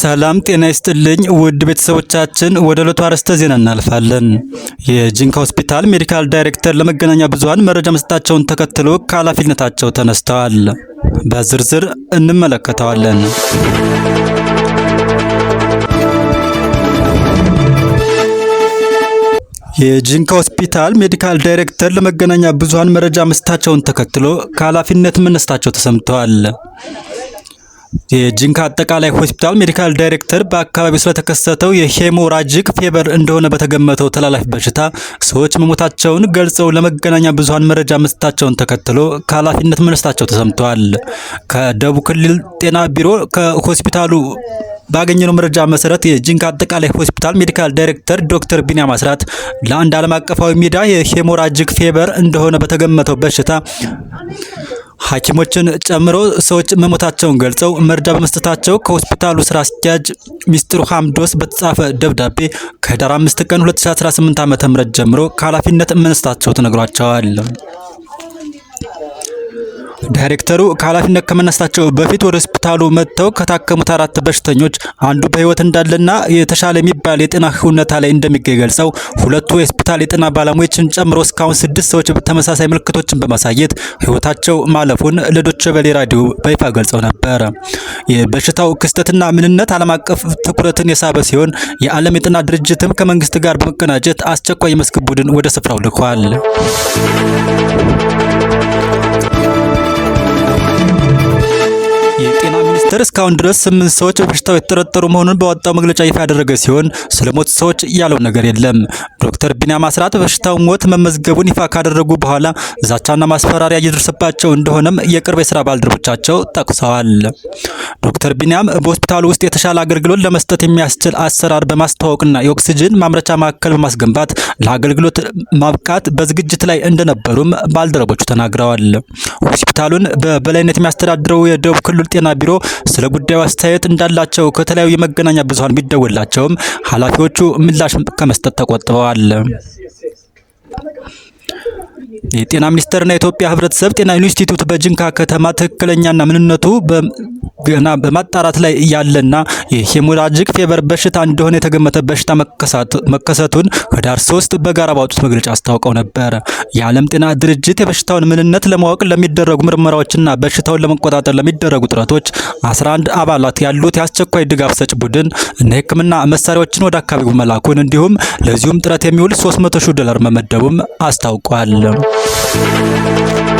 ሰላም ጤና ይስጥልኝ ውድ ቤተሰቦቻችን፣ ወደ ዕለቱ አርዕስተ ዜና እናልፋለን። የጂንካ ሆስፒታል ሜዲካል ዳይሬክተር ለመገናኛ ብዙሃን መረጃ መስጠታቸውን ተከትሎ ከኃላፊነታቸው ተነስተዋል። በዝርዝር እንመለከተዋለን። የጂንካ ሆስፒታል ሜዲካል ዳይሬክተር ለመገናኛ ብዙሃን መረጃ መስጠታቸውን ተከትሎ ከኃላፊነት መነሳታቸው ተሰምተዋል። የጂንካ አጠቃላይ ሆስፒታል ሜዲካል ዳይሬክተር በአካባቢው ስለተከሰተው የሄሞራጂክ ፌበር እንደሆነ በተገመተው ተላላፊ በሽታ ሰዎች መሞታቸውን ገልጸው ለመገናኛ ብዙኃን መረጃ መስጠታቸውን ተከትሎ ከኃላፊነት መነሳታቸው ተሰምተዋል። ከደቡብ ክልል ጤና ቢሮ ከሆስፒታሉ ባገኘነው መረጃ መሰረት የጂንካ አጠቃላይ ሆስፒታል ሜዲካል ዳይሬክተር ዶክተር ቢኒያ ማስራት ለአንድ ዓለም አቀፋዊ ሚዲያ የሄሞራጂክ ፌቨር እንደሆነ በተገመተው በሽታ ሐኪሞችን ጨምሮ ሰዎች መሞታቸውን ገልጸው መርዳ በመስጠታቸው ከሆስፒታሉ ስራ አስኪያጅ ሚስጥሩ ሐምዶስ በተጻፈ ደብዳቤ ከህዳር 5 ቀን 2018 ዓ.ም ጀምሮ ከኃላፊነት መነሳታቸው ተነግሯቸዋል። ዳይሬክተሩ ከኃላፊነት ከመነሳታቸው በፊት ወደ ሆስፒታሉ መጥተው ከታከሙት አራት በሽተኞች አንዱ በህይወት እንዳለና የተሻለ የሚባል የጤና ሁኔታ ላይ እንደሚገኝ ገልጸው ሁለቱ የሆስፒታል የጤና ባለሙያዎችን ጨምሮ እስካሁን ስድስት ሰዎች ተመሳሳይ ምልክቶችን በማሳየት ህይወታቸው ማለፉን ለዶቼ ቬለ ራዲዮ በይፋ ገልጸው ነበር። የበሽታው ክስተትና ምንነት ዓለም አቀፍ ትኩረትን የሳበ ሲሆን የዓለም የጤና ድርጅትም ከመንግስት ጋር በመቀናጀት አስቸኳይ የመስክ ቡድን ወደ ስፍራው ልኳል። እስካሁን ድረስ ስምንት ሰዎች በሽታው የተጠረጠሩ መሆኑን በወጣው መግለጫ ይፋ ያደረገ ሲሆን ስለሞት ሰዎች ያለው ነገር የለም። ዶክተር ቢኒያም አስራት በሽታው ሞት መመዝገቡን ይፋ ካደረጉ በኋላ ዛቻና ማስፈራሪያ እየደረሰባቸው እንደሆነም የቅርብ የስራ ባልደረቦቻቸው ጠቅሰዋል። ዶክተር ቢኒያም በሆስፒታሉ ውስጥ የተሻለ አገልግሎት ለመስጠት የሚያስችል አሰራር በማስተዋወቅና የኦክስጅን ማምረቻ ማዕከል በማስገንባት ለአገልግሎት ማብቃት በዝግጅት ላይ እንደነበሩም ባልደረቦቹ ተናግረዋል። ሆስፒታሉን በበላይነት የሚያስተዳድረው የደቡብ ክልል ጤና ቢሮ ስለ ስለ ጉዳዩ አስተያየት እንዳላቸው ከተለያዩ የመገናኛ ብዙሃን ቢደወላቸውም ኃላፊዎቹ ምላሽ ከመስጠት ተቆጥበዋል። የጤና ሚኒስቴርና የኢትዮጵያ ህብረተሰብ ጤና ኢንስቲትዩት በጅንካ ከተማ ትክክለኛና ምንነቱ ገና በማጣራት ላይ ያለና የሄሞራጂክ ፌቨር በሽታ እንደሆነ የተገመተ በሽታ መከሰቱን ህዳር ሶስት በጋራ ባወጡት መግለጫ አስታውቀው ነበር። የዓለም ጤና ድርጅት የበሽታውን ምንነት ለማወቅ ለሚደረጉ ምርመራዎችና በሽታውን ለመቆጣጠር ለሚደረጉ ጥረቶች 11 አባላት ያሉት የአስቸኳይ ድጋፍ ሰጭ ቡድን እና የህክምና መሳሪያዎችን ወደ አካባቢው መላኩን እንዲሁም ለዚሁም ጥረት የሚውል 300 ሺህ ዶላር መመደቡም አስታውቋል። Thank you.